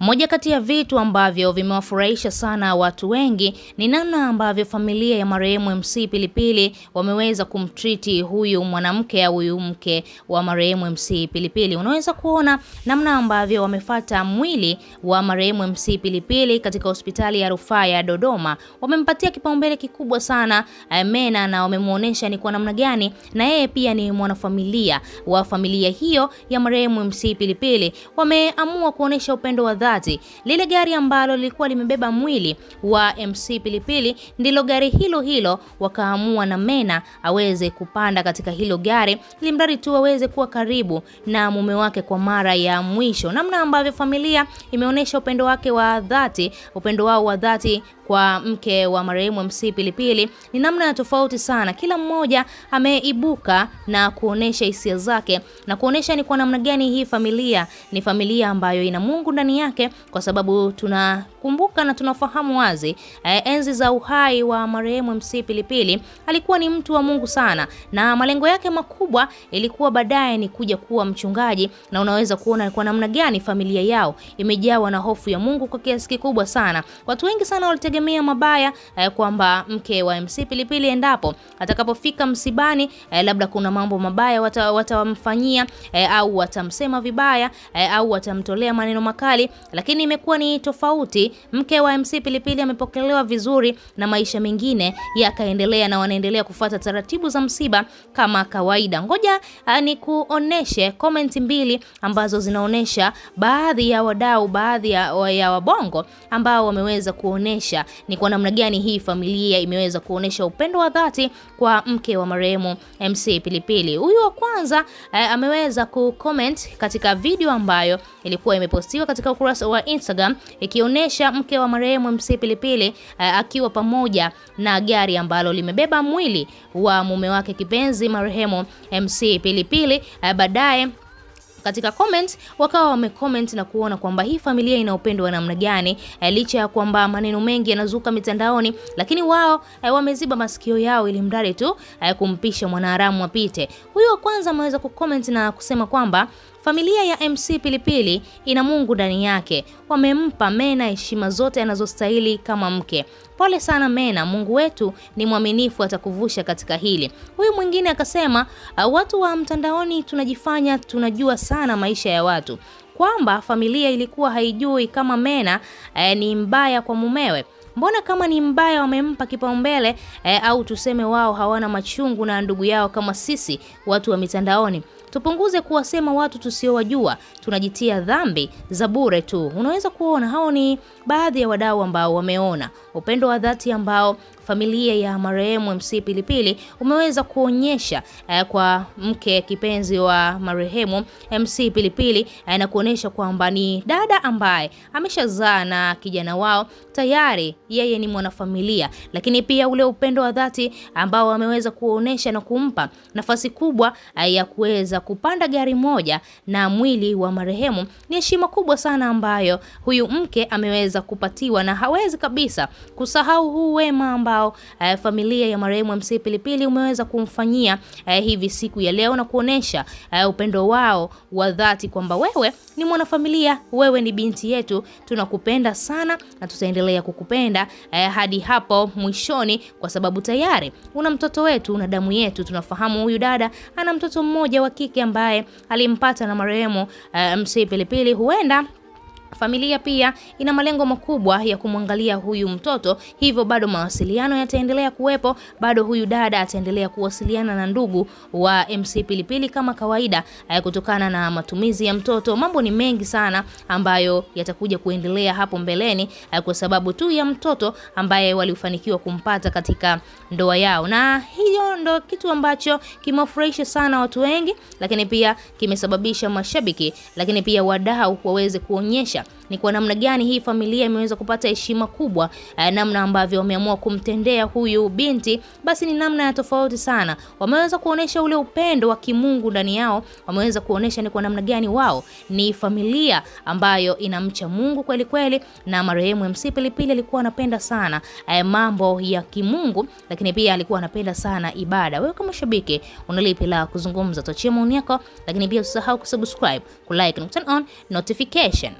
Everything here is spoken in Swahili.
Moja kati ya vitu ambavyo vimewafurahisha sana watu wengi ni namna ambavyo familia ya marehemu MC Pilipili wameweza kumtriti huyu mwanamke au huyu mke wa marehemu MC Pilipili. Unaweza kuona namna ambavyo wamefata mwili wa marehemu MC Pilipili katika hospitali ya rufaa ya Dodoma. Wamempatia kipaumbele kikubwa sana eh, Mena na wamemuonesha ni kwa namna gani na yeye pia ni mwanafamilia wa familia hiyo ya marehemu MC Pilipili. Wameamua kuonesha upendo wa Mangati. Lile gari ambalo lilikuwa limebeba mwili wa MC Pilipili ndilo gari hilo hilo, wakaamua na Mena aweze kupanda katika hilo gari, ili mradi tu aweze kuwa karibu na mume wake kwa mara ya mwisho, namna ambavyo familia imeonyesha upendo wake wa dhati, upendo wao wa dhati kwa mke wa marehemu MC Pilipili ni namna ya tofauti sana. Kila mmoja ameibuka na kuonesha hisia zake na kuonesha ni kwa namna gani hii familia ni familia ambayo ina Mungu ndani yake yake, kwa sababu tunakumbuka na tunafahamu wazi eh, enzi za uhai wa marehemu MC Pilipili alikuwa ni mtu wa Mungu sana, na malengo yake makubwa ilikuwa baadaye ni kuja kuwa mchungaji, na unaweza kuona kwa namna gani familia yao imejawa na hofu ya Mungu kwa kiasi kikubwa sana. Watu wengi sana walitegemea mabaya eh, kwamba mke wa MC Pilipili endapo atakapofika msibani eh, labda kuna mambo mabaya watamfanyia wata eh, au watamsema vibaya eh, au watamtolea maneno makali lakini imekuwa ni tofauti. Mke wa MC Pilipili amepokelewa vizuri na maisha mengine yakaendelea, na wanaendelea kufuata taratibu za msiba kama kawaida. Ngoja ah, ni kuoneshe comment mbili ambazo zinaonesha baadhi ya wadau, baadhi ya, ya wabongo ambao wameweza kuonesha ni kwa namna gani hii familia imeweza kuonesha upendo wa dhati kwa mke wa marehemu MC Pilipili. Huyu wa kwanza eh, ameweza kucomment katika video ambayo ilikuwa imepostiwa katika ukurasa wa Instagram ikionyesha mke wa marehemu MC Pilipili eh, akiwa pamoja na gari ambalo limebeba mwili wa mume wake kipenzi marehemu MC Pilipili. Eh, baadaye katika comment wakawa wamecomment na kuona kwamba hii familia ina upendo wa namna gani, eh, licha ya kwamba maneno mengi yanazuka mitandaoni, lakini wao wameziba masikio yao ili mradi tu kumpisha mwanaharamu apite. Huyu wa kwanza ameweza kucomment na kusema kwamba Familia ya MC Pilipili ina Mungu ndani yake, wamempa Mena heshima zote anazostahili kama mke. Pole sana Mena, Mungu wetu ni mwaminifu, atakuvusha katika hili. Huyu mwingine akasema, ah, watu wa mtandaoni tunajifanya tunajua sana maisha ya watu, kwamba familia ilikuwa haijui kama Mena eh, ni mbaya kwa mumewe Mbona kama ni mbaya wamempa kipaumbele eh, au tuseme wao hawana machungu na ndugu yao kama sisi watu wa mitandaoni. Tupunguze kuwasema watu tusiowajua, tunajitia dhambi za bure tu. Unaweza kuona hao ni baadhi ya wadau ambao wameona upendo wa dhati ambao familia ya marehemu MC Pilipili umeweza kuonyesha eh, kwa mke kipenzi wa marehemu MC Pilipili eh, na kuonyesha kwamba ni dada ambaye ameshazaa na kijana wao tayari, yeye ni mwanafamilia, lakini pia ule upendo wa dhati ambao ameweza kuonyesha na kumpa nafasi kubwa eh, ya kuweza kupanda gari moja na mwili wa marehemu ni heshima kubwa sana ambayo huyu mke ameweza kupatiwa na hawezi kabisa kusahau huu wema ambao ambao eh, familia ya marehemu MC Pilipili umeweza kumfanyia eh, hivi siku ya leo na kuonesha eh, upendo wao wa dhati kwamba wewe ni mwanafamilia, wewe ni binti yetu, tunakupenda sana na tutaendelea kukupenda eh, hadi hapo mwishoni, kwa sababu tayari una mtoto wetu, una damu yetu. Tunafahamu huyu dada ana mtoto mmoja wa kike ambaye alimpata na marehemu eh, MC Pilipili huenda Familia pia ina malengo makubwa ya kumwangalia huyu mtoto, hivyo bado mawasiliano yataendelea kuwepo. Bado huyu dada ataendelea kuwasiliana na ndugu wa MC Pilipili kama kawaida, eh, kutokana na matumizi ya mtoto. Mambo ni mengi sana ambayo yatakuja kuendelea hapo mbeleni, eh, kwa sababu tu ya mtoto ambaye walifanikiwa kumpata katika ndoa yao, na hiyo ndo kitu ambacho kimewafurahisha sana watu wengi, lakini pia kimesababisha mashabiki, lakini pia wadau waweze kuonyesha kuonyesha ni kwa namna gani hii familia imeweza kupata heshima kubwa. Eh, namna ambavyo wameamua kumtendea huyu binti, basi ni namna ya tofauti sana. Wameweza kuonyesha ule upendo wa kimungu ndani yao, wameweza kuonyesha ni kwa namna gani wao ni familia ambayo inamcha Mungu kweli kweli. Na marehemu MC Pilipili alikuwa anapenda sana eh, mambo ya kimungu, lakini pia alikuwa anapenda sana ibada. Wewe kama shabiki unalipi la kuzungumza? Tuachie maoni yako, lakini pia usisahau kusubscribe, kulike na turn on notification.